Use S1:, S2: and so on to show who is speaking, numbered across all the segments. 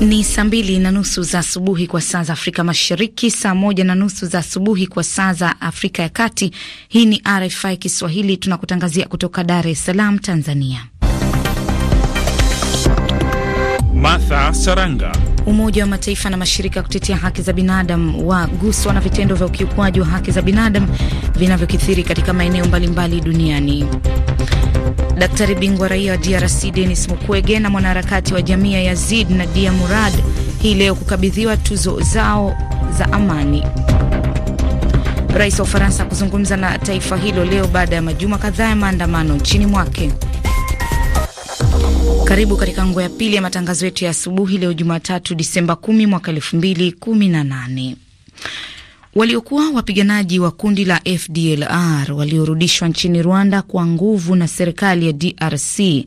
S1: Ni saa mbili na nusu za asubuhi kwa saa za Afrika Mashariki, saa moja na nusu za asubuhi kwa saa za Afrika ya Kati. Hii ni RFI Kiswahili, tunakutangazia kutoka Dar es Salaam, Tanzania.
S2: Martha Saranga.
S1: Umoja wa Mataifa na mashirika ya kutetea haki za binadamu waguswa na vitendo vya ukiukwaji wa haki za binadamu vinavyokithiri katika maeneo mbalimbali duniani. Daktari bingwa raia wa DRC Denis Mukwege na mwanaharakati wa jamii ya Yazid na Dia Murad hii leo kukabidhiwa tuzo zao za amani. Rais wa Ufaransa kuzungumza na taifa hilo leo baada ya majuma kadhaa ya maandamano nchini mwake. Karibu katika nguo ya pili ya matangazo yetu ya asubuhi leo Jumatatu, Disemba 10 mwaka 2018. Waliokuwa wapiganaji wa kundi la FDLR waliorudishwa nchini Rwanda kwa nguvu na serikali ya DRC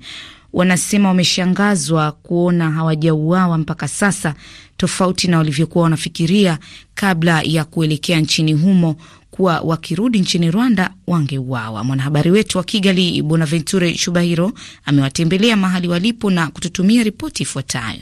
S1: wanasema wameshangazwa kuona hawajauawa mpaka sasa, tofauti na walivyokuwa wanafikiria kabla ya kuelekea nchini humo, waliokuwa wakirudi nchini Rwanda wangeuawa. Mwanahabari wetu wa Kigali, Bonaventure Shubahiro, amewatembelea mahali walipo na kututumia ripoti ifuatayo.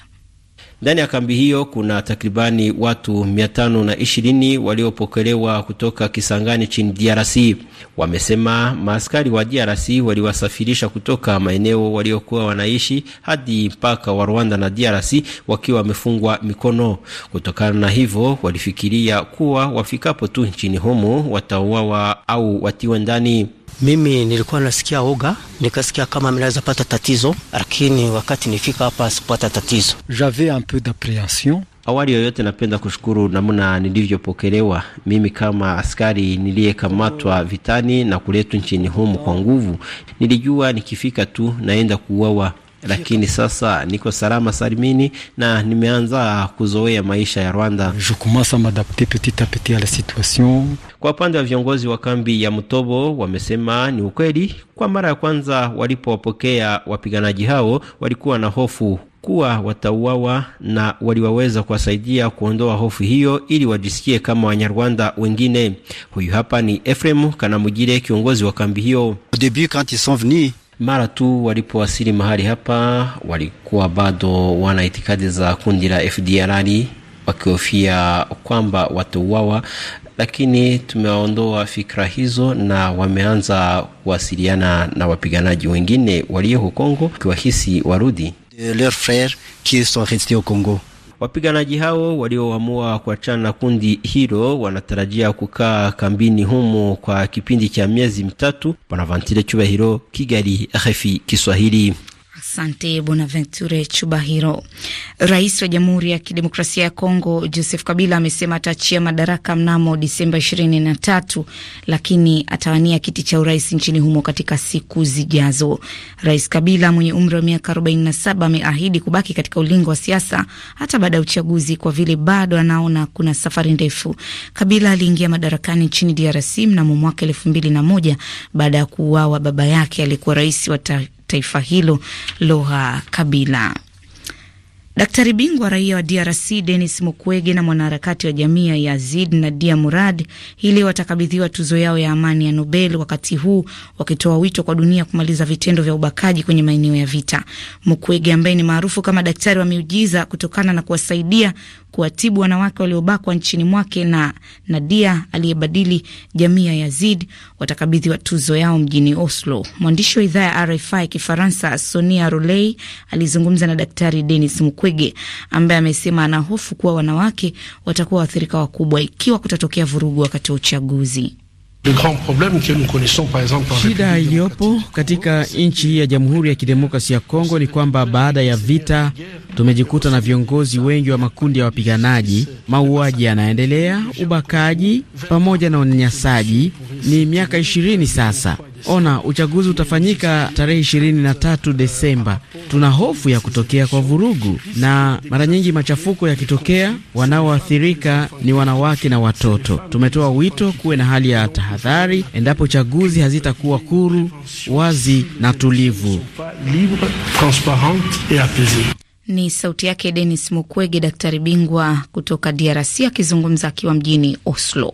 S3: Ndani ya kambi hiyo kuna takribani watu 520 waliopokelewa kutoka Kisangani chini DRC. Wamesema maaskari wa DRC waliwasafirisha kutoka maeneo waliokuwa wanaishi hadi mpaka wa Rwanda na DRC wakiwa wamefungwa mikono. Kutokana na hivyo, walifikiria kuwa wafikapo tu nchini humo watauawa au watiwe ndani. Mimi nilikuwa nasikia oga, nikasikia kama minaweza pata tatizo, lakini wakati nifika hapa sikupata tatizo. J'avais un peu d'apprehension. Awali yoyote napenda kushukuru namna nilivyopokelewa mimi kama askari niliyekamatwa vitani na kuletwa nchini humu kwa nguvu. Nilijua nikifika tu naenda kuuawa lakini sasa niko salama salimini na nimeanza kuzoea maisha ya Rwanda. Kwa upande wa viongozi wa kambi ya Mtobo, wamesema ni ukweli, kwa mara ya kwanza walipowapokea wapiganaji hao walikuwa na hofu kuwa watauawa na waliwaweza kuwasaidia kuondoa hofu hiyo ili wajisikie kama Wanyarwanda wengine. Huyu hapa ni Efrem Kanamugire, kiongozi wa kambi hiyo. Mara tu walipowasili mahali hapa, walikuwa bado wana itikadi za kundi la FDLR wakihofia kwamba watauawa, lakini tumewaondoa fikra hizo na wameanza kuwasiliana na wapiganaji wengine walio huko Kongo, wakiwahisi warudi de leur frere qui sont restes au Congo Wapiganaji hao walioamua kuachana na kundi hilo wanatarajia kukaa kambini humo kwa kipindi cha miezi mitatu. Bonavantile Cyubahiro, Kigali, RFI Kiswahili.
S1: Asante Bonaventure Chubahiro. Rais wa Jamhuri ya Kidemokrasia ya Kongo Joseph Kabila amesema ataachia madaraka mnamo Disemba 23 lakini atawania kiti cha urais nchini humo katika siku zijazo. Rais Kabila mwenye umri wa miaka 47 ameahidi kubaki katika ulingo wa siasa hata baada ya uchaguzi kwa vile bado anaona kuna safari ndefu. Kabila aliingia madarakani nchini DRC mnamo mwaka 2001 baada ya kuuawa baba yake aliyekuwa rais wa taifa hilo Laurent Kabila. Daktari bingwa raia wa DRC Denis Mukwege na mwanaharakati wa jamii ya Yazid Nadia Murad hii leo watakabidhiwa tuzo yao ya amani ya Nobel, wakati huu wakitoa wito kwa dunia kumaliza vitendo vya ubakaji kwenye maeneo ya vita. Mukwege ambaye ni maarufu kama daktari wa miujiza kutokana na kuwasaidia kuwatibu wanawake waliobakwa nchini mwake na Nadia aliyebadili jamii ya Yazid watakabidhiwa tuzo yao mjini Oslo. Mwandishi wa idhaa ya RFI Kifaransa Sonia Rolei alizungumza na Daktari Denis Mukwege ambaye amesema ana hofu kuwa wanawake watakuwa waathirika wakubwa ikiwa kutatokea vurugu wakati wa uchaguzi.
S3: Shida
S4: iliyopo katika nchi ya Jamhuri ya Kidemokrasia ya Kongo ni kwamba baada ya vita tumejikuta na viongozi wengi wa makundi ya wapiganaji, mauaji yanaendelea, ubakaji pamoja na unyanyasaji. Ni miaka ishirini sasa ona uchaguzi utafanyika tarehe 23 Desemba, tuna hofu ya kutokea kwa vurugu, na mara nyingi machafuko yakitokea, wanaoathirika ni wanawake na watoto. Tumetoa wito kuwe na hali ya tahadhari endapo chaguzi hazitakuwa huru, wazi na tulivu.
S1: Ni sauti yake Denis Mukwege, daktari bingwa kutoka DRC akizungumza akiwa mjini Oslo.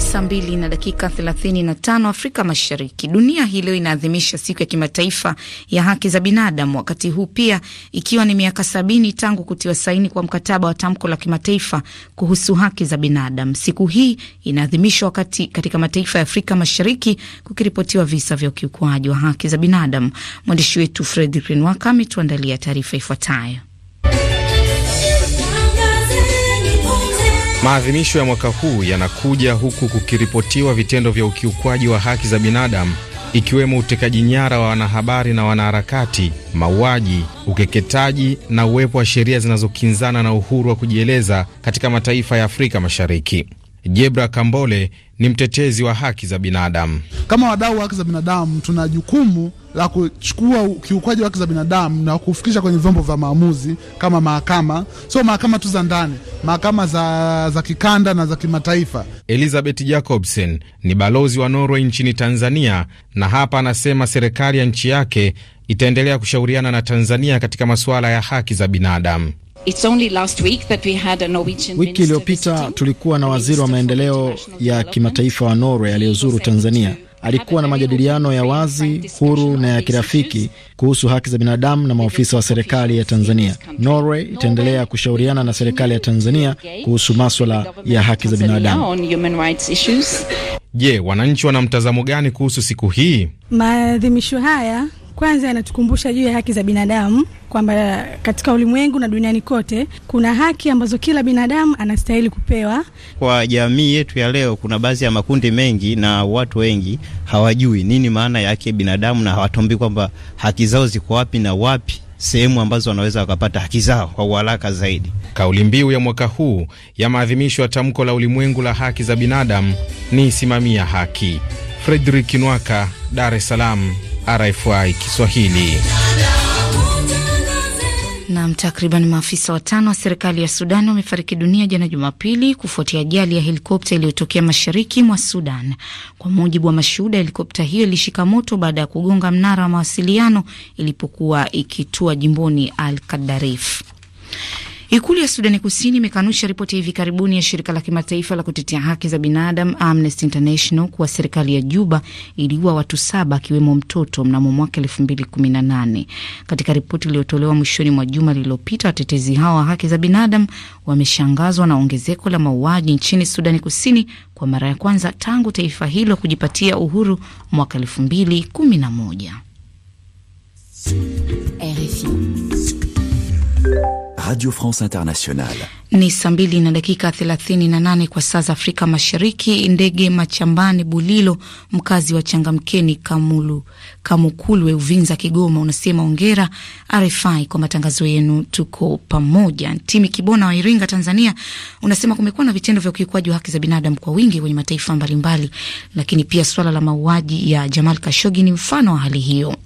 S1: saa mbili na dakika 35 Afrika Mashariki. Dunia hii leo inaadhimisha siku ya kimataifa ya haki za binadamu, wakati huu pia ikiwa ni miaka sabini tangu kutiwa saini kwa mkataba wa tamko la kimataifa kuhusu haki za binadamu. Siku hii inaadhimishwa wakati katika mataifa ya Afrika Mashariki kukiripotiwa visa vya ukiukwaji wa haki za binadamu. Mwandishi wetu Fredrik Nwaka ametuandalia taarifa ifuatayo.
S5: Maadhimisho ya mwaka huu yanakuja huku kukiripotiwa vitendo vya ukiukwaji wa haki za binadamu ikiwemo utekaji nyara wa wanahabari na wanaharakati, mauaji, ukeketaji na uwepo wa sheria zinazokinzana na uhuru wa kujieleza katika mataifa ya Afrika Mashariki. Jebra Kambole ni mtetezi wa haki za binadamu.
S6: Kama wadau wa haki za binadamu, tuna jukumu la kuchukua ukiukwaji wa haki za binadamu na kufikisha kwenye vyombo vya maamuzi kama mahakama, sio mahakama tu za ndani, mahakama za, za kikanda na za kimataifa.
S5: Elizabeth Jacobsen ni balozi wa Norway nchini Tanzania, na hapa anasema serikali ya nchi yake itaendelea kushauriana na Tanzania katika masuala ya haki za binadamu.
S1: Wiki
S7: iliyopita tulikuwa na waziri wa maendeleo ya kimataifa wa Norway aliyozuru Tanzania. Alikuwa na majadiliano ya wazi, huru na ya kirafiki kuhusu haki za binadamu na maofisa wa serikali ya Tanzania. Norway itaendelea kushauriana na serikali ya Tanzania kuhusu maswala ya haki za
S8: binadamu.
S5: Je, wananchi wana mtazamo gani kuhusu siku hii?
S8: Maadhimisho haya kwanza anatukumbusha juu ya haki za binadamu kwamba katika ulimwengu na duniani kote kuna haki ambazo kila binadamu anastahili kupewa.
S9: Kwa jamii yetu ya leo, kuna baadhi ya makundi mengi na watu wengi hawajui nini maana ya haki ya binadamu na hawatambui kwamba haki
S5: zao ziko wapi na wapi sehemu ambazo wanaweza wakapata haki zao kwa uharaka zaidi. Kauli mbiu ya mwaka huu ya maadhimisho ya tamko la ulimwengu la haki za binadamu ni simamia haki. Fredrik Nwaka, Dar es Salaam. RFI Kiswahili.
S1: Nam, takriban maafisa watano wa serikali ya Sudan wamefariki dunia jana Jumapili kufuatia ajali ya helikopta iliyotokea mashariki mwa Sudan. Kwa mujibu wa mashuhuda, helikopta hiyo ilishika moto baada ya kugonga mnara wa mawasiliano ilipokuwa ikitua jimboni Al Kadarif. Ikulu ya Sudani Kusini imekanusha ripoti ya hivi karibuni ya shirika la kimataifa la kutetea haki za binadamu Amnesty International kuwa serikali ya Juba iliua watu saba akiwemo mtoto mnamo mwaka elfu mbili kumi na nane. Katika ripoti iliyotolewa mwishoni mwa juma lililopita, watetezi hao wa haki za binadamu wameshangazwa na ongezeko la mauaji nchini Sudani Kusini kwa mara ya kwanza tangu taifa hilo kujipatia uhuru mwaka elfu mbili kumi na moja. RFI Radio France Internationale. Ni saa mbili na dakika 38 kwa saa za Afrika Mashariki. Ndege Machambane Bulilo, mkazi wa Changamkeni Kamulu, Kamukulwe, Uvinza, Kigoma, unasema ongera RFI kwa matangazo yenu, tuko pamoja. Timi Kibona wa Iringa, Tanzania, unasema kumekuwa na vitendo vya ukiukwaji wa haki za binadamu kwa wingi kwenye mataifa mbalimbali, lakini pia swala la mauaji ya Jamal Kashogi ni mfano wa hali hiyo.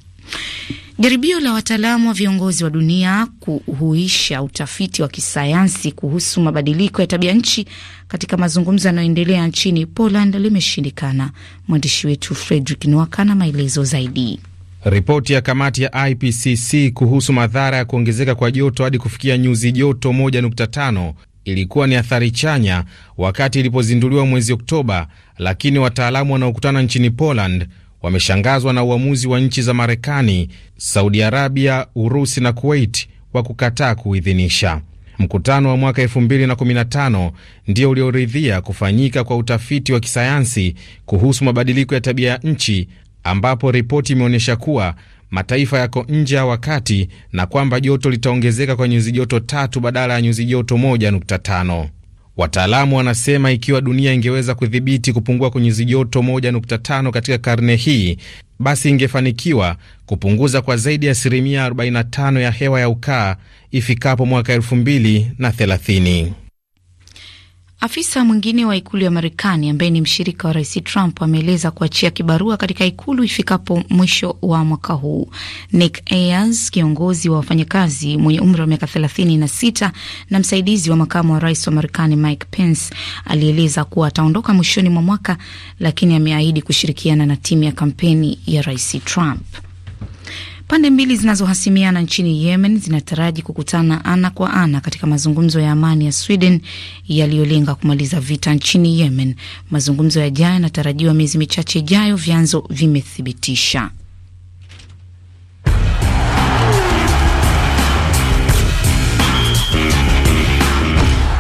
S1: Jaribio la wataalamu wa viongozi wa dunia kuhuisha utafiti wa kisayansi kuhusu mabadiliko ya tabia nchi katika mazungumzo yanayoendelea nchini Poland limeshindikana. Mwandishi wetu Fredrik Nwaka na maelezo zaidi.
S5: Ripoti ya kamati ya IPCC kuhusu madhara ya kuongezeka kwa joto hadi kufikia nyuzi joto 1.5 ilikuwa ni athari chanya wakati ilipozinduliwa mwezi Oktoba, lakini wataalamu wanaokutana nchini Poland wameshangazwa na uamuzi wa nchi za Marekani, Saudi Arabia, Urusi na Kuwait wa kukataa kuidhinisha. Mkutano wa mwaka 2015 ndio ulioridhia kufanyika kwa utafiti wa kisayansi kuhusu mabadiliko ya tabia ya nchi, ambapo ripoti imeonyesha kuwa mataifa yako nje ya wakati na kwamba joto litaongezeka kwa nyuzi joto tatu badala ya nyuzi joto 1.5. Wataalamu wanasema ikiwa dunia ingeweza kudhibiti kupungua kwa nyuzi joto 1.5 katika karne hii, basi ingefanikiwa kupunguza kwa zaidi ya asilimia 45 ya hewa ya ukaa ifikapo mwaka 2030.
S1: Afisa mwingine wa ikulu ya Marekani ambaye ni mshirika wa rais Trump ameeleza kuachia kibarua katika ikulu ifikapo mwisho wa mwaka huu. Nick Ayers, kiongozi wa wafanyakazi mwenye umri wa miaka sita na msaidizi wa makamu wa rais wa Marekani Mike Pence, alieleza kuwa ataondoka mwishoni mwa mwaka, lakini ameahidi kushirikiana na timu ya kampeni ya rais Trump. Pande mbili zinazohasimiana nchini Yemen zinataraji kukutana ana kwa ana katika mazungumzo ya amani ya Sweden yaliyolenga kumaliza vita nchini Yemen. Mazungumzo yajayo yanatarajiwa miezi michache ijayo, vyanzo vimethibitisha.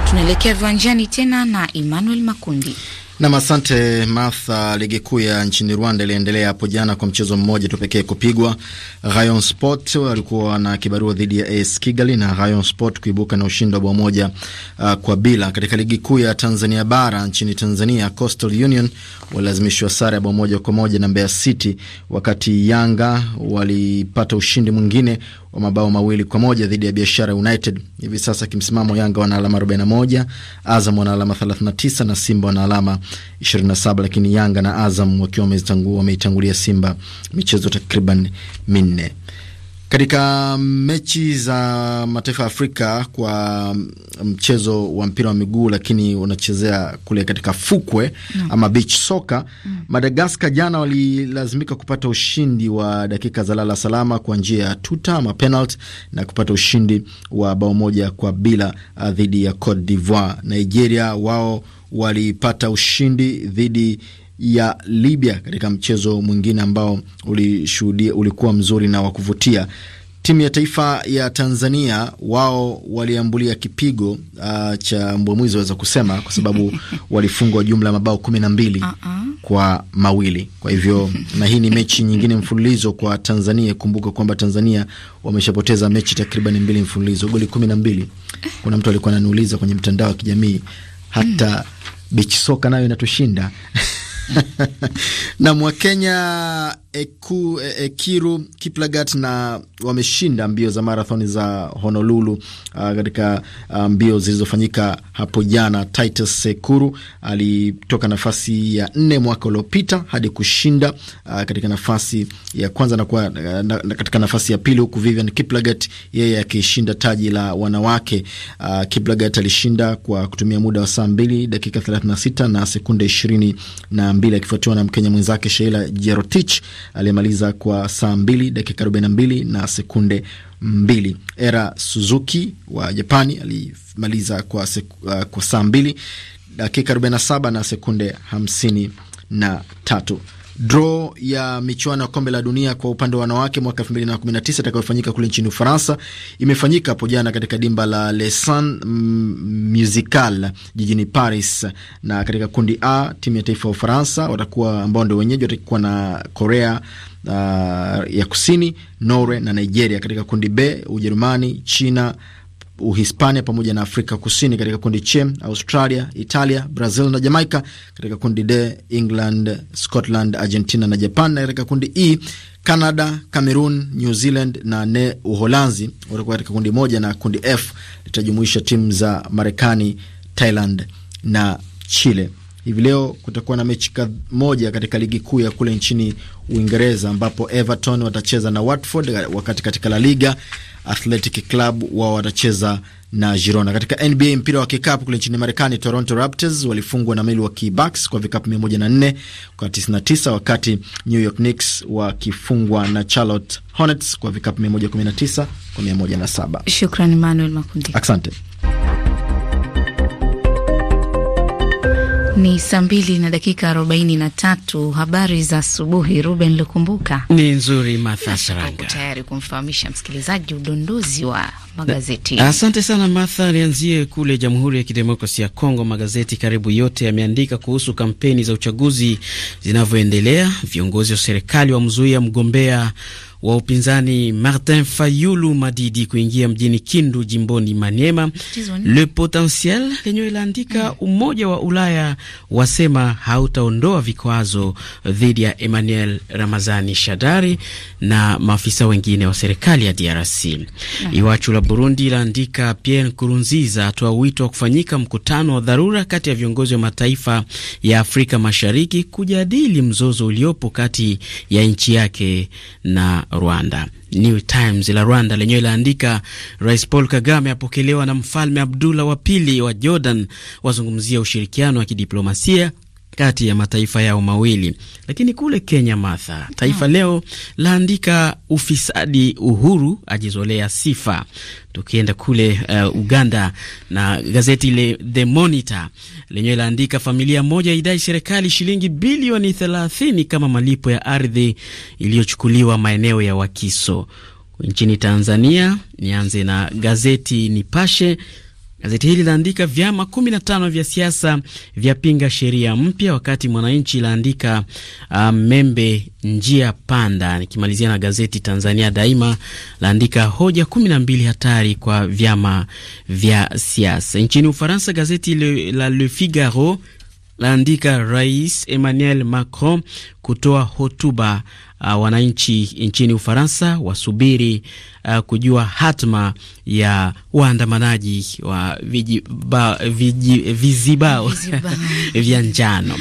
S1: Tunaelekea viwanjani tena na Emmanuel Makundi.
S7: Nam, asante Martha. Ligi kuu ya nchini Rwanda iliendelea hapo jana kwa mchezo mmoja tu pekee kupigwa. Rayon Sport walikuwa na kibarua dhidi ya AS Kigali na Rayon Sport kuibuka na ushindi wa bao moja uh, kwa bila. Katika ligi kuu ya Tanzania bara nchini Tanzania, Coastal Union walilazimishwa sare ya bao moja kwa moja na Mbeya City, wakati Yanga walipata ushindi mwingine wa mabao mawili kwa moja dhidi ya Biashara United. Hivi sasa kimsimamo, Yanga wana alama 41, Azam wana alama 39 na Simba wana alama 27, lakini Yanga na Azam wakiwa wameitangulia Simba michezo takriban minne. Katika mechi za mataifa ya Afrika kwa mchezo wa mpira wa miguu, lakini unachezea kule katika fukwe mm. ama beach soka mm. Madagaskar jana walilazimika kupata ushindi wa dakika za lala salama kwa njia ya tuta ama penalty na kupata ushindi wa bao moja kwa bila uh, dhidi ya Cote d'Ivoire. Nigeria wao walipata ushindi dhidi ya Libya katika mchezo mwingine ambao ulishuhudia ulikuwa mzuri na wa kuvutia. Timu ya taifa ya Tanzania wao waliambulia kipigo uh, cha mbwa mwizi, waweza kusema kwa sababu walifungwa jumla ya mabao kumi na mbili uh -uh. kwa mawili. Kwa hivyo na hii ni mechi nyingine mfululizo kwa Tanzania. Kumbuka kwamba Tanzania wameshapoteza mechi takriban mbili mfululizo, goli kumi na mbili. Kuna mtu alikuwa ananiuliza kwenye mtandao wa kijamii hata mm. bichi soka nayo inatushinda na Mwakenya Eku, e, Ekiru Kiplagat na wameshinda mbio za marathoni za Honolulu uh, katika uh, mbio zilizofanyika hapo jana. Titus Sekuru alitoka nafasi ya nne mwaka uliopita hadi kushinda uh, katika nafasi ya kwanza na, kwa, uh, na katika nafasi ya pili, huku Vivian Kiplagat yeye akishinda taji la wanawake. Uh, Kiplagat alishinda kwa kutumia muda wa saa mbili dakika 36 na sekunde 22 akifuatiwa na Mkenya mwenzake Sheila Jerotich aliyemaliza kwa saa 2 dakika 42 na sekunde mbili. Era Suzuki wa Japani alimaliza kwa, uh, kwa saa 2 dakika 47 na sekunde 53 dro ya michuano ya kombe la dunia kwa upande wa wanawake mwaka tisa itakayofanyika kule nchini Ufaransa imefanyika hapo jana katika dimba la Lesan mm, Musical jijini Paris, na katika kundi A timu ya taifa ya Ufaransa watakuwa ambao ndio wenyeji watakuwa na Korea uh, ya Kusini, Norway na Nigeria. Katika kundi B Ujerumani, China Uhispania pamoja na Afrika Kusini katika kundi C, Australia, Italia, Brazil na Jamaica katika kundi D, England, Scotland, Argentina na Japan, na katika kundi E, Canada, Cameroon, New Zealand na ne Uholanzi watakuwa katika kundi moja, na kundi F litajumuisha timu za Marekani, Thailand na Chile. Hivi leo kutakuwa na mechi moja katika ligi kuu ya kule nchini Uingereza ambapo Everton watacheza na Watford, wakati katika La Liga Athletic Club wao watacheza na Girona. Katika NBA mpira wa kikapu kule nchini Marekani, Toronto Raptors walifungwa na Milwaukee Bucks kwa vikapu 104 kwa 99, wakati New York Knicks wakifungwa na Charlotte Hornets kwa vikapu 119 kwa 107.
S1: Shukrani Manuel Makundi. Asante. Ni saa mbili na dakika arobaini na tatu. Habari za asubuhi, Ruben Lukumbuka.
S4: Ni nzuri, Martha Saranga
S1: tayari kumfahamisha msikilizaji udondozi wa magazeti. Asante
S4: sana Martha. Nianzie kule Jamhuri ya Kidemokrasia ya Kongo. Magazeti karibu yote yameandika kuhusu kampeni za uchaguzi zinavyoendelea, viongozi wa serikali wamzuia mgombea wa upinzani Martin Fayulu Madidi kuingia mjini Kindu jimboni Maniema. Le Potentiel lenyewe laandika mm. Umoja wa Ulaya wasema hautaondoa vikwazo dhidi ya Emmanuel Ramazani Shadari na maafisa wengine wa serikali ya DRC. Iwachu la Burundi laandika Pierre Nkurunziza atoa wito wa kufanyika mkutano wa dharura kati ya viongozi wa mataifa ya Afrika Mashariki kujadili mzozo uliopo kati ya nchi yake na Rwanda. New Times la Rwanda lenyewe ilaandika Rais Paul Kagame apokelewa na Mfalme Abdullah wa pili wa Jordan, wazungumzia ushirikiano wa kidiplomasia kati ya mataifa yao mawili. Lakini kule Kenya, Martha, Taifa hmm. Leo laandika ufisadi, Uhuru ajizolea sifa. Tukienda kule uh, Uganda na gazeti le The Monitor lenyewe laandika familia moja idai serikali shilingi bilioni 30 kama malipo ya ardhi iliyochukuliwa maeneo ya Wakiso. Nchini Tanzania, nianze na gazeti Nipashe Gazeti hili laandika vyama 15 vya siasa vyapinga sheria mpya, wakati Mwananchi laandika uh, Membe njia panda. Nikimalizia na gazeti Tanzania Daima laandika hoja 12 hatari kwa vyama vya siasa. Nchini Ufaransa, gazeti le, la Le Figaro laandika Rais Emmanuel Macron kutoa hotuba uh, wananchi nchini Ufaransa wasubiri uh, kujua hatma ya waandamanaji wa vijiba, viji, vizibao vya njano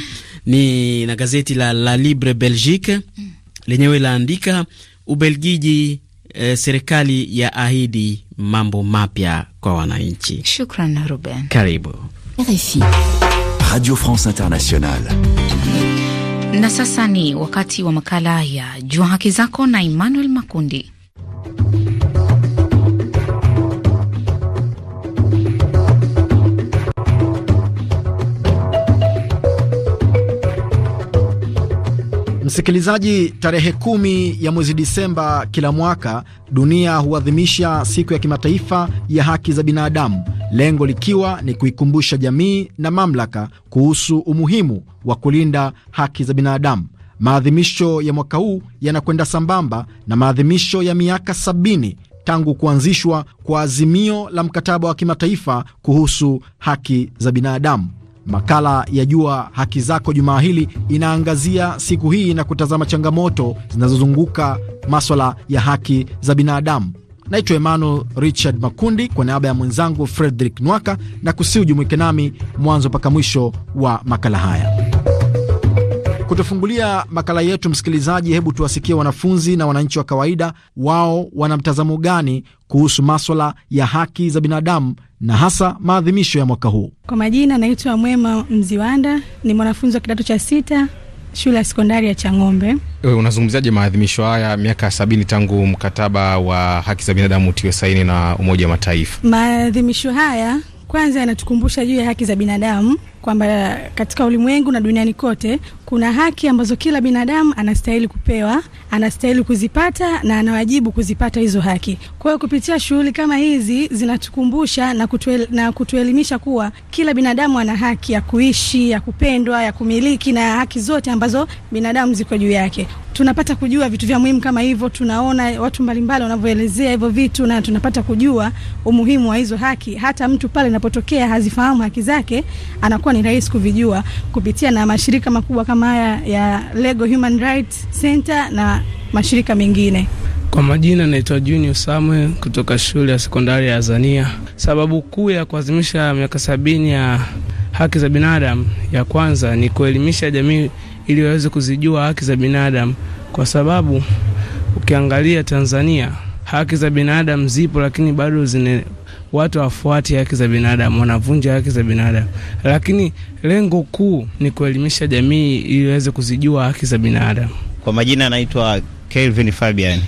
S4: ni na gazeti la La Libre Belgique lenyewe laandika Ubelgiji eh, serikali ya ahidi mambo mapya kwa wananchi.
S1: Shukran Ruben. Karibu RFI
S4: Radio France Internationale.
S1: Na sasa ni wakati wa makala ya Jua Haki Zako na Emmanuel Makundi.
S7: Msikilizaji, tarehe kumi ya mwezi Disemba kila mwaka dunia huadhimisha siku ya kimataifa ya haki za binadamu, lengo likiwa ni kuikumbusha jamii na mamlaka kuhusu umuhimu wa kulinda haki za binadamu. Maadhimisho ya mwaka huu yanakwenda sambamba na maadhimisho ya miaka sabini tangu kuanzishwa kwa azimio la mkataba wa kimataifa kuhusu haki za binadamu. Makala ya Jua Haki Zako jumaa hili inaangazia siku hii na kutazama changamoto zinazozunguka maswala ya haki za binadamu. Naitwa Emmanuel Richard Makundi kwa niaba ya mwenzangu Frederick Nwaka na kusihi ujumuike nami mwanzo mpaka mwisho wa makala haya kutufungulia makala yetu, msikilizaji, hebu tuwasikie wanafunzi na wananchi wa kawaida, wao wana mtazamo gani kuhusu maswala ya haki za binadamu na hasa maadhimisho ya mwaka huu.
S8: Kwa majina, naitwa Mwema Mziwanda, ni mwanafunzi wa kidato cha sita shule ya sekondari ya Chang'ombe.
S5: Wewe unazungumziaje maadhimisho haya miaka sabini tangu mkataba wa haki za binadamu utiwe saini na Umoja wa Mataifa?
S8: Maadhimisho haya kwanza yanatukumbusha juu ya haki za binadamu kwamba katika ulimwengu na duniani kote kuna haki ambazo kila binadamu anastahili kupewa, anastahili kuzipata na ana wajibu kuzipata hizo haki. Kwa hiyo kupitia shughuli kama hizi zinatukumbusha na, kutuel, na kutuelimisha kuwa kila binadamu ana haki ya kuishi, ya kupendwa, ya kumiliki na haki zote ambazo binadamu ziko juu yake. Tunapata kujua vitu vya muhimu kama hivyo, tunaona watu mbalimbali wanavyoelezea hivyo vitu na tunapata kujua umuhimu wa hizo haki. Hata mtu pale inapotokea hazifahamu haki zake anakuwa imekuwa ni rahisi kuvijua kupitia na mashirika makubwa kama haya ya Lego Human Rights Center na mashirika mengine.
S4: Kwa majina naitwa Junior Samuel kutoka shule ya sekondari ya Azania. Sababu kuu ya kuadhimisha miaka sabini ya haki za binadamu, ya kwanza ni kuelimisha jamii ili waweze kuzijua haki za binadamu, kwa sababu ukiangalia Tanzania haki za binadamu zipo, lakini bado zine watu wafuati haki za binadamu, wanavunja
S9: haki za binadamu, lakini lengo kuu ni kuelimisha jamii ili iweze kuzijua haki za binadamu. Kwa majina anaitwa Kelvin Fabian,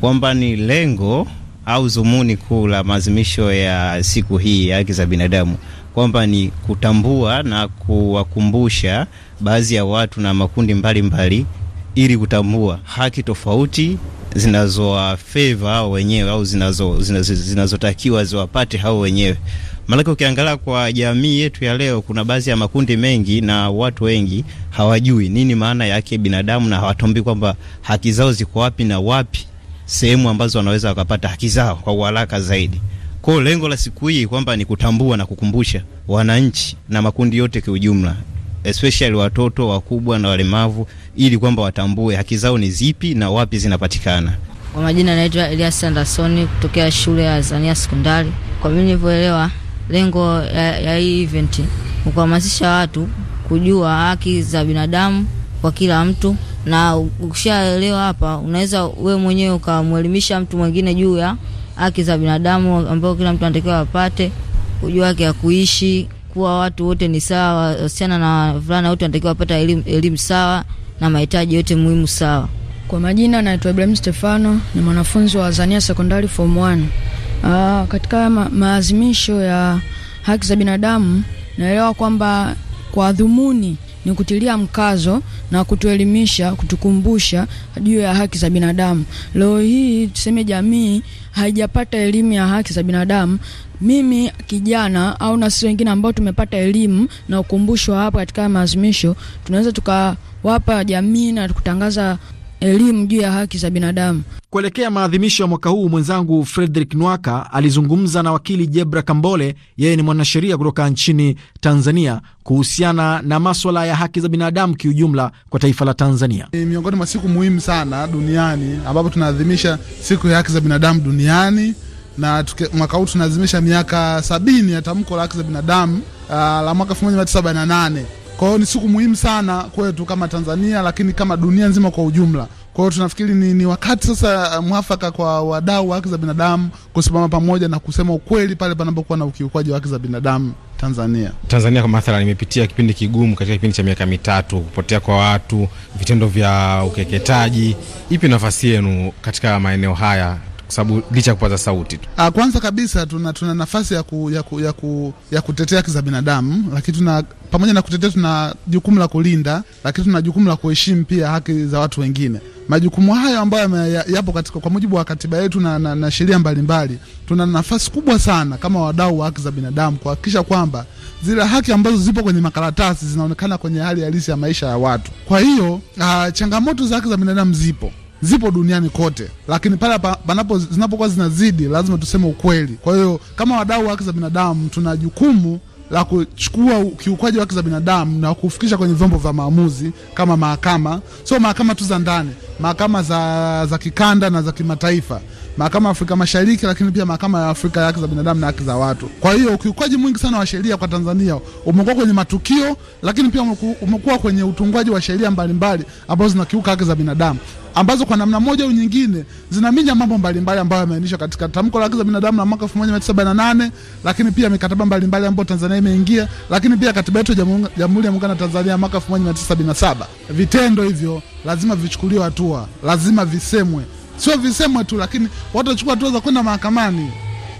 S9: kwamba ni lengo au zumuni kuu la maazimisho ya siku hii ya haki za binadamu kwamba ni kutambua na kuwakumbusha baadhi ya watu na makundi mbalimbali mbali, ili kutambua haki tofauti zinazowafeva hao wenyewe au zinazo zinazotakiwa zinazo ziwapate hao wenyewe. Maanake ukiangalia kwa jamii yetu ya leo, kuna baadhi ya makundi mengi na watu wengi hawajui nini maana yake binadamu, na hawatambui kwamba haki zao ziko wapi na wapi sehemu ambazo wanaweza wakapata haki zao kwa uharaka zaidi. Kwa lengo la siku hii kwamba ni kutambua na kukumbusha wananchi na makundi yote kwa ujumla especially watoto wakubwa na walemavu, ili kwamba watambue haki zao ni zipi na wapi zinapatikana.
S1: Kwa majina anaitwa Elias Anderson kutokea shule ya Azania Sekondari. Kwa mimi nilivyoelewa, lengo ya, hii event ni kuhamasisha watu kujua haki za binadamu kwa kila mtu, na ukishaelewa hapa, unaweza we mwenyewe ukamwelimisha mtu mwingine juu ya haki za binadamu ambao kila mtu anatakiwa apate, kujua haki ya kuishi kuwa watu wote ni sawa, wasichana na wavulana wote wanatakiwa wapata elimu, sawa
S8: na mahitaji yote muhimu sawa. Kwa majina naitwa Ibrahim Stefano, ni mwanafunzi wa Azania Sekondari form 1. Uh, ah, katika ma maazimisho ya haki za binadamu naelewa kwamba kwa dhumuni ni kutilia mkazo na kutuelimisha, kutukumbusha juu ya haki za binadamu. Leo hii tuseme jamii haijapata elimu ya haki za binadamu. Mimi kijana au na sisi wengine ambao tumepata elimu na ukumbusho hapa katika maazimisho, tunaweza tukawapa jamii na kutangaza elimu juu ya haki za binadamu.
S7: Kuelekea maadhimisho ya mwaka huu, mwenzangu Frederick Nwaka alizungumza na wakili Jebra Kambole, yeye ni mwanasheria kutoka nchini Tanzania, kuhusiana na maswala ya haki za binadamu kiujumla kwa taifa la Tanzania.
S6: Ni miongoni mwa siku muhimu sana duniani ambapo tunaadhimisha siku ya haki za binadamu duniani na tuke, mwaka huu tunaadhimisha miaka sabini ya tamko la haki za binadamu uh, la mwaka 1978 kwa hiyo ni siku muhimu sana kwetu kama Tanzania, lakini kama dunia nzima kwa ujumla. Kwa hiyo tunafikiri ni, ni wakati sasa uh, mwafaka kwa wadau wa haki za binadamu kusimama pamoja na kusema ukweli pale panapokuwa na ukiukwaji wa haki za binadamu Tanzania.
S5: Tanzania kwa mathalan imepitia kipindi kigumu katika kipindi cha miaka mitatu, kupotea kwa watu, vitendo vya ukeketaji. Ipi nafasi yenu katika maeneo haya sababu
S6: licha ya kupata sauti tu. Ah, kwanza kabisa tuna, tuna nafasi ya, ku, ya, ku, ya, ku, ya kutetea haki za binadamu, lakini tuna pamoja na kutetea tuna jukumu la kulinda, lakini tuna jukumu la kuheshimu pia haki za watu wengine. Majukumu hayo ambayo yapo katika kwa mujibu wa katiba yetu na, na, na sheria mbalimbali, tuna nafasi kubwa sana kama wadau wa haki za binadamu kuhakikisha kwamba zile haki ambazo zipo kwenye makaratasi zinaonekana kwenye hali halisi ya maisha ya watu. Kwa hiyo uh, changamoto za haki za binadamu zipo zipo duniani kote, lakini pale panapo zinapokuwa zinazidi, lazima tuseme ukweli. Kwa hiyo kama wadau wa haki za binadamu, tuna jukumu la kuchukua ukiukwaji wa haki za binadamu na kufikisha kwenye vyombo vya maamuzi kama mahakama, sio mahakama tu za ndani, mahakama za, za kikanda na za kimataifa mahakama ya Afrika Mashariki, lakini pia mahakama ya Afrika ya haki za binadamu na haki za watu. Kwa hiyo ukiukaji mwingi sana wa sheria kwa Tanzania umekuwa kwenye matukio, lakini pia umekuwa kwenye utungwaji wa sheria mbalimbali ambazo zinakiuka haki za binadamu ambazo kwa namna moja au nyingine zinaminya mambo mbalimbali ambayo yameainishwa katika tamko la haki za binadamu la mwaka 1978 lakini pia mikataba mbalimbali ambayo Tanzania imeingia, lakini pia katiba yetu ya Jamhuri ya Muungano wa Tanzania mwaka 1977. Vitendo hivyo lazima vichukuliwe hatua, lazima visemwe, sio visemwe tu, lakini watu wachukua za kwenda mahakamani.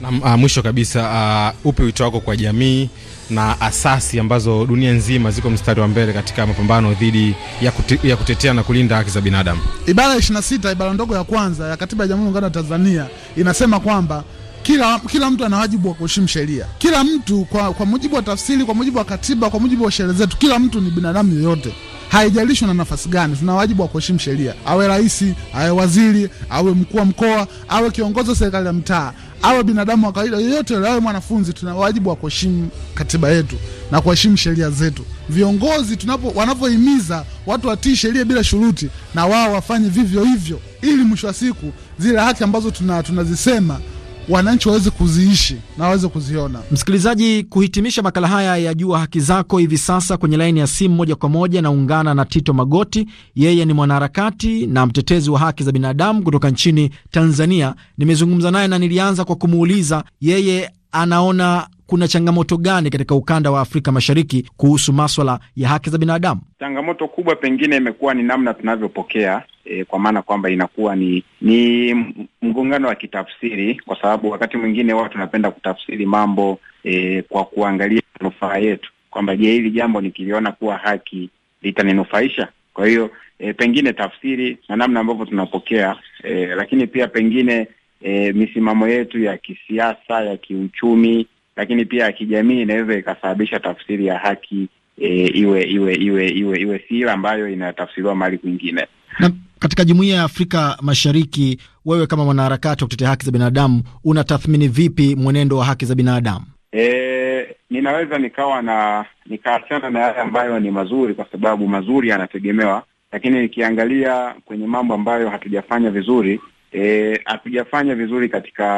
S5: Na ah, mwisho kabisa uh, ah, upe wito wako kwa jamii na asasi ambazo dunia nzima ziko mstari wa mbele katika mapambano dhidi ya, kute, ya kutetea na kulinda haki za binadamu.
S6: Ibara 26 ibara ndogo ya kwanza ya katiba ya Jamhuri ya Muungano wa Tanzania inasema kwamba kila, kila mtu ana wajibu wa kuheshimu sheria. Kila mtu kwa, kwa mujibu wa tafsiri, kwa mujibu wa katiba, kwa mujibu wa sheria zetu, kila mtu ni binadamu yoyote haijalishwa na nafasi gani. Tuna wajibu wa kuheshimu sheria, awe rais, awe waziri, awe mkuu wa mkoa, awe kiongozi wa serikali ya mtaa, awe binadamu wa kawaida yoyote, awe mwanafunzi. Tuna wajibu wa kuheshimu katiba yetu na kuheshimu sheria zetu. Viongozi tunapo wanavyohimiza watu watii sheria bila shuruti, na wao wafanye vivyo hivyo, ili mwisho wa siku zile haki ambazo tunazisema tuna wananchi waweze kuziishi na waweze kuziona.
S7: Msikilizaji, kuhitimisha makala haya ya Jua Haki Zako, hivi sasa kwenye laini ya simu moja kwa moja naungana na Tito Magoti. Yeye ni mwanaharakati na mtetezi wa haki za binadamu kutoka nchini Tanzania. Nimezungumza naye na nilianza kwa kumuuliza yeye anaona kuna changamoto gani katika ukanda wa Afrika Mashariki kuhusu maswala ya haki za binadamu?
S2: Changamoto kubwa pengine imekuwa ni namna tunavyopokea E, kwa maana kwamba inakuwa ni ni mgongano wa kitafsiri, kwa sababu wakati mwingine watu wanapenda kutafsiri mambo e, kwa kuangalia manufaa yetu, kwamba je, hili jambo nikiliona kuwa haki litaninufaisha? Kwa hiyo e, pengine tafsiri na namna ambavyo tunapokea e, lakini pia pengine e, misimamo yetu ya kisiasa, ya kiuchumi lakini pia kijamii inaweza ikasababisha tafsiri ya haki e, iwe iwe iwe iwe iwe si ile ambayo inatafsiriwa mahali kwingine.
S7: Na katika jumuiya ya Afrika Mashariki, wewe kama mwanaharakati wa kutetea haki za binadamu unatathmini vipi mwenendo wa haki za binadamu?
S2: E, ninaweza nikawa na nikaachana na yale ambayo ni mazuri, kwa sababu mazuri yanategemewa, lakini nikiangalia kwenye mambo ambayo hatujafanya vizuri, e, hatujafanya vizuri katika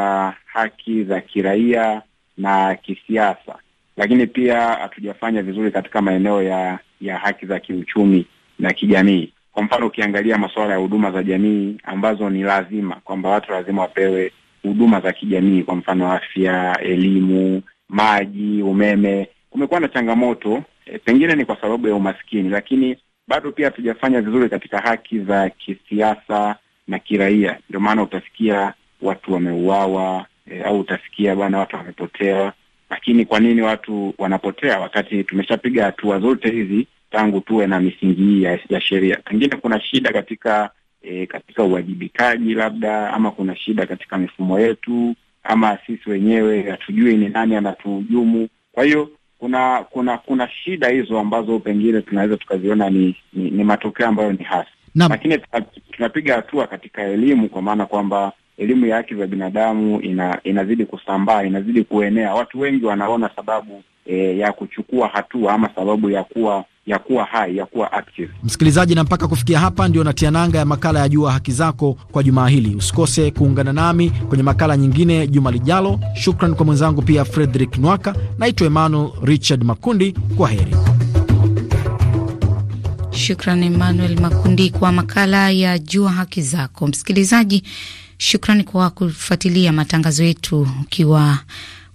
S2: haki za kiraia na kisiasa, lakini pia hatujafanya vizuri katika maeneo ya ya haki za kiuchumi na kijamii. Kwa mfano, ukiangalia masuala ya huduma za jamii ambazo ni lazima kwamba watu lazima wapewe huduma za kijamii, kwa mfano afya, elimu, maji, umeme, kumekuwa na changamoto e, pengine ni kwa sababu ya umaskini, lakini bado pia hatujafanya vizuri katika haki za kisiasa na kiraia. Ndio maana utasikia watu wameuawa, e, au utasikia bwana watu wamepotea. Lakini kwa nini watu wanapotea wakati tumeshapiga hatua zote hizi tangu tuwe na misingi hii ya, ya sheria? Pengine kuna shida katika e, katika uwajibikaji labda, ama kuna shida katika mifumo yetu, ama sisi wenyewe hatujui ni nani anatuhujumu. Kwa hiyo kuna kuna kuna shida hizo ambazo pengine tunaweza tukaziona ni, ni, ni matokeo ambayo ni hasi, lakini tunapiga hatua katika elimu, kwa maana kwamba elimu ya haki za binadamu ina, inazidi kusambaa, inazidi kuenea. Watu wengi wanaona sababu e, ya kuchukua hatua ama sababu ya kuwa ya kuwa hai ya kuwa active.
S7: Msikilizaji, na mpaka kufikia hapa ndio natia nanga ya makala ya Jua Haki Zako kwa jumaa hili. Usikose kuungana nami kwenye makala nyingine juma lijalo. Shukran kwa mwenzangu pia Frederick Nwaka. Naitwa Emmanuel Richard Makundi, kwa heri.
S1: Shukran Emmanuel Makundi kwa makala ya Jua Haki Zako. Msikilizaji Shukrani kwa kufuatilia matangazo yetu ukiwa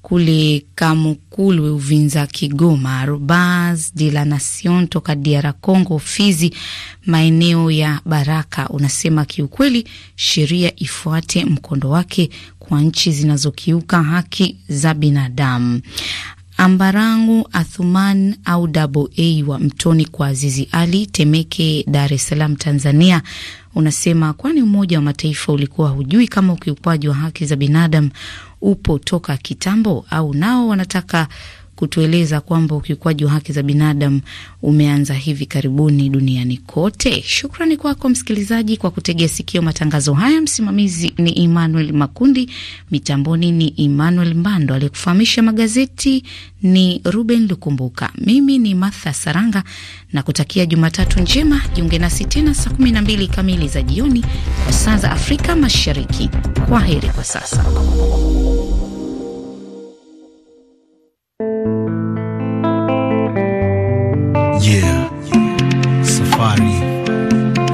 S1: kule Kamukulu, Uvinza, Kigoma, Rubas de la Nation toka diara Congo, Fizi, maeneo ya Baraka. Unasema kiukweli, sheria ifuate mkondo wake kwa nchi zinazokiuka haki za binadamu. Ambarangu Athuman au Dabo A wa Mtoni kwa Azizi Ali, Temeke, Dar es Salaam, Tanzania, unasema kwani Umoja wa Mataifa ulikuwa hujui kama ukiukwaji wa haki za binadamu upo toka kitambo, au nao wanataka kutueleza kwamba ukiukwaji wa haki za binadamu umeanza hivi karibuni duniani kote. Shukrani kwako msikilizaji kwa kutegea sikio matangazo haya. Msimamizi ni Emmanuel Makundi, mitamboni ni Emmanuel Mbando, aliyekufahamisha magazeti ni Ruben Lukumbuka. Mimi ni Martha Saranga na kutakia Jumatatu njema. Jiunge nasi tena saa 12 kamili za jioni kwa saa za Afrika Mashariki. Kwa heri kwa sasa.
S10: safari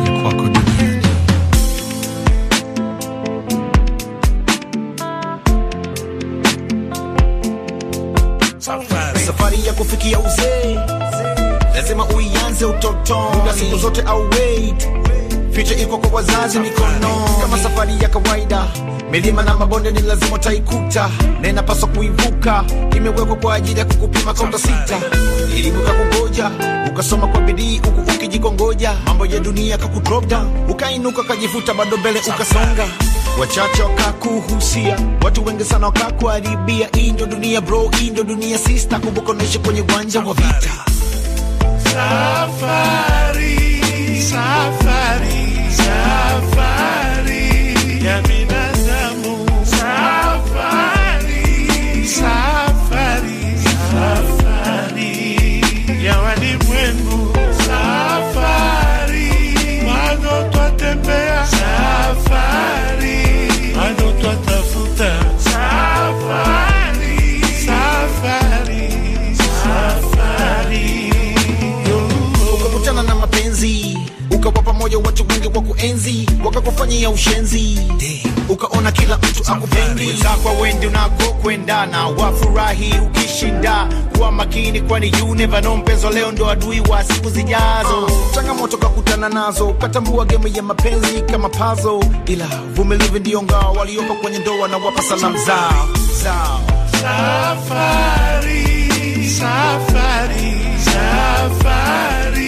S10: ya kwako duniani. Safari, safari ya kufikia uzee lazima uianze utotoni, muda siku zote au wait picha iko kwa wazazi mikono. Kama safari ya kawaida, milima na mabonde ni lazima utaikuta, na inapaswa kuivuka, imewekwa kwa ajili ya kukupima kaunta sita ilibuka kungoja, ukasoma kwa bidii huku ukijikongoja, mambo ya dunia kakutropda, ukainuka kajivuta, bado mbele ukasonga. Wachache wakakuhusia, watu wengi sana wakakuharibia. Hii ndio dunia bro, hii dunia sista, kumbuka unaishi kwenye
S11: uwanja wa vita. Safari, safari, safari, ya mina
S10: ndani ya ushenzi ukaona kila mtu akupendi utakwa wende unakokwenda na wafurahi ukishinda kuwa makini kwani you never know mpenzo leo ndo adui wa siku zijazo uh, changamoto kakutana nazo katambua game ya mapenzi kama pazo ila vumilivi ndio ngao waliopo kwenye ndoa na wapa salamu za
S11: zao safari safari safari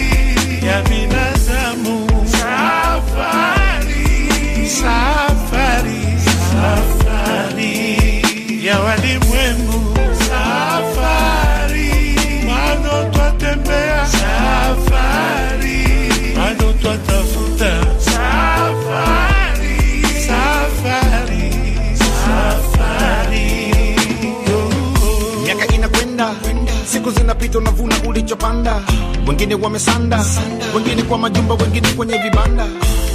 S11: walimwengu safari, bado twatembea safari, bado twatafuta safari, safari,
S10: safari. Miaka inakwenda, siku zinapita, unavuna ulichopanda, wengine wamesanda, wengine kwa majumba, wengine kwenye vibanda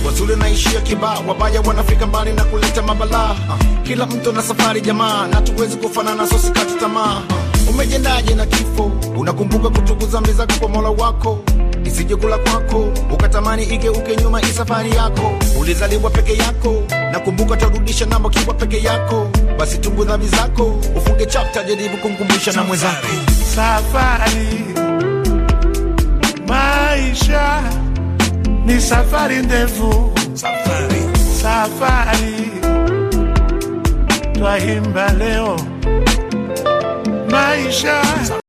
S10: wazuri naishia kibaa, wabaya wanafika mbali na kuleta mabalaa. Kila mtu na safari jamaa, na tuwezi kufanana, so sikati tamaa. Umejendaje na kifo? Unakumbuka kutukuza dhambi zako kwa Mola wako, isije kula kwako ukatamani igeuke nyuma, isafari yako. Ulizaliwa peke yako, nakumbuka tarudisha nambo kiwa peke yako. Basi tungu dhambi zako, ufunge chapta, jaribu kumkumbusha na mwenzako safari
S11: maisha ni safari ndefu, safari, safari twaimba leo maisha